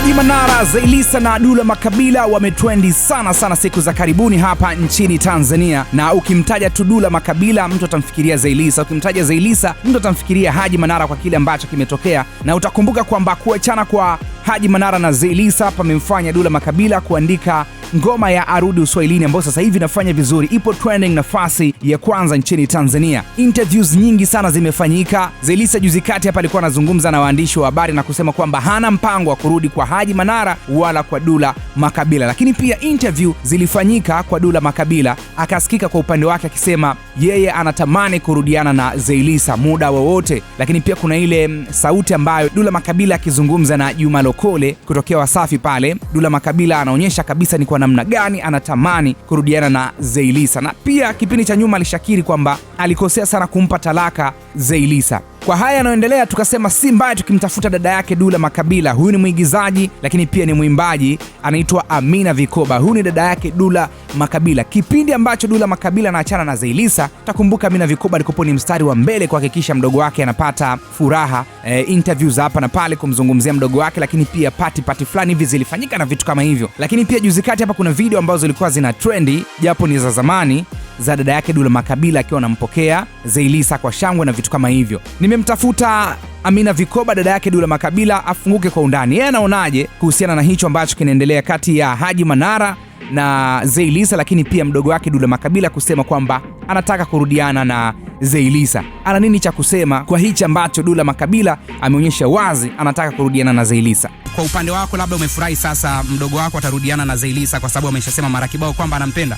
Haji Manara, Zailisa na Dula Makabila wametrendi sana sana siku za karibuni hapa nchini Tanzania, na ukimtaja tu Dula Makabila mtu atamfikiria Zailisa, ukimtaja Zailisa mtu atamfikiria Haji Manara kwa kile ambacho kimetokea, na utakumbuka kwamba kuachana kwa Haji Manara na Zailisa pamemfanya Dula Makabila kuandika ngoma ya Arudi Uswahilini ambayo sasa hivi inafanya vizuri, ipo trending nafasi ya kwanza nchini Tanzania. Interviews nyingi sana zimefanyika. Zelisa juzi kati hapa alikuwa anazungumza na waandishi wa habari na kusema kwamba hana mpango wa kurudi kwa Haji Manara wala kwa Dula Makabila, lakini pia interview zilifanyika kwa Dula Makabila, akasikika kwa upande wake akisema yeye anatamani kurudiana na zeilisa muda wowote, lakini pia kuna ile mm, sauti ambayo Dula Makabila akizungumza na Juma Lokole kutokea Wasafi pale, Dula Makabila anaonyesha kabisa ni kwa kwa namna gani anatamani kurudiana na Zeilisa, na pia kipindi cha nyuma alishakiri kwamba alikosea sana kumpa talaka Zeilisa. Kwa haya yanayoendelea, tukasema si mbaya tukimtafuta dada yake Dula Makabila. Huyu ni mwigizaji lakini pia ni mwimbaji, anaitwa Amina Vikoba. Huyu ni dada yake Dula Makabila. Kipindi ambacho Dula Makabila anaachana na Zailisa, takumbuka Amina Vikoba alikopo ni mstari wa mbele kuhakikisha mdogo wake anapata furaha, e, za hapa na pale kumzungumzia mdogo wake, lakini pia pati pati fulani hivi zilifanyika na vitu kama hivyo. Lakini pia juzi kati hapa kuna video ambazo zilikuwa zina trendi japo ni za zamani za dada yake Dula Makabila akiwa anampokea Zeilisa kwa shangwe na vitu kama hivyo. Nimemtafuta Amina Vikoba, dada yake Dula Makabila, afunguke kwa undani, yeye anaonaje kuhusiana na hicho ambacho kinaendelea kati ya Haji Manara na Zeilisa, lakini pia mdogo wake Dula Makabila kusema kwamba anataka kurudiana na Zeilisa. Ana nini cha kusema kwa hichi ambacho Dula Makabila ameonyesha wazi anataka kurudiana na Zeilisa? Kwa upande wako, labda umefurahi sasa mdogo wako atarudiana na Zeilisa kwa sababu ameshasema mara kibao kwamba anampenda.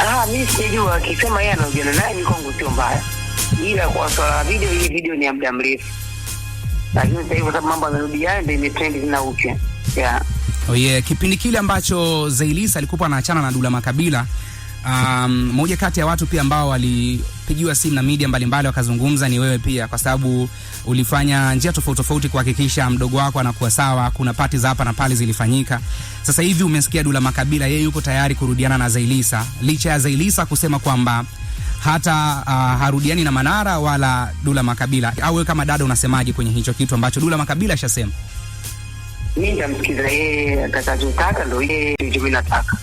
Ah, mimi sijajua akisema yeye anaojiana naye mi sio mbaya, ila kwa swala video, hii video ni ya muda mrefu, lakini sasa hivi sababu mambo yamerudi yale, yaani ndio imetrendi tena upya yeah. Oh yeah, kipindi kile ambacho Zaiylissa alikuwa anaachana na Dula Makabila um, moja kati ya watu pia ambao walipigiwa simu na media mbalimbali wakazungumza ni wewe pia, kwa sababu ulifanya njia tofauti tofauti kuhakikisha mdogo wako anakuwa sawa. Kuna pati za hapa na pale zilifanyika. Sasa hivi umesikia Dula Makabila, yeye yuko tayari kurudiana na Zailisa licha ya Zailisa kusema kwamba hata uh, harudiani na Manara wala Dula Makabila. Au wewe kama dada unasemaje kwenye hicho kitu ambacho Dula Makabila ashasema? Mimi nitamsikiza yeye atakachotaka, ndio yeye ndicho mimi nataka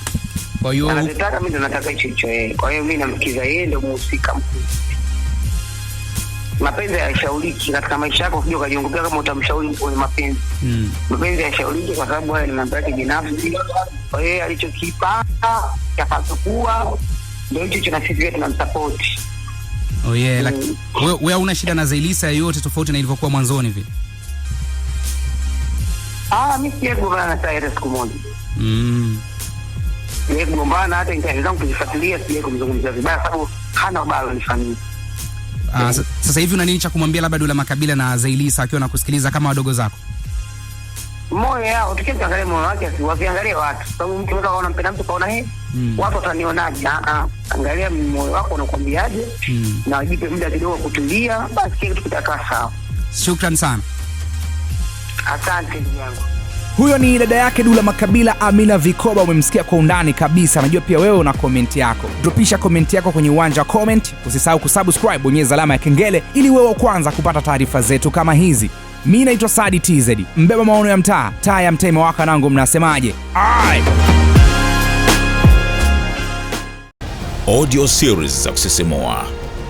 kwa hiyo anataka ah, mimi nataka hicho hicho yeye. Eh. Kwa hiyo mimi namkiza yeye, ndio muhusika mkuu. Mapenzi hayashauriki katika maisha yako, usije ukajiongopea kama utamshauri mtu kwenye mapenzi. Mm. Mapenzi hayashauriki kwa sababu haya ni mambo yake binafsi. Kwa hiyo alichokipata chapaswa ndio hicho cha na sisi pia tunamsapoti. Oh yeah, mm. Like, wewe we una shida na Zailisa yote tofauti na ilivyokuwa mwanzoni vile? Ah, mimi sijagombana na Zailisa siku moja. Mm yeye kugombana hata zangu sije kumzungumzia vibaya, sababu hana sasa hivi una nini cha kumwambia labda Dula Makabila na Zailisa akiwa nakusikiliza kama wadogo zako? Moyo yao moyo wake, asiwaangalie watu, sababu mtu mpenda mtu kaona mm. watu watanionaje? Ah, ah, angalia moyo wako unakwambiaje, mm. na muda kidogo kutulia, basi kitu kitakaa sawa. Shukran sana, asante ndugu yangu. Huyo ni dada yake Dula Makabila, Amina Vikoba. Umemsikia kwa undani kabisa. Najua pia wewe una komenti yako, dropisha komenti yako kwenye uwanja wa comment. Usisahau kusubscribe, bonyeza alama ya kengele ili wewe kwanza kupata taarifa zetu kama hizi. Mi naitwa Sadi TZ, mbeba maono ya mtaa, taa ya mtaa imewaka. Nangu mnasemaje? Audio series za kusisimua,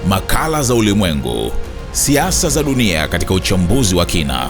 makala za ulimwengu, siasa za dunia katika uchambuzi wa kina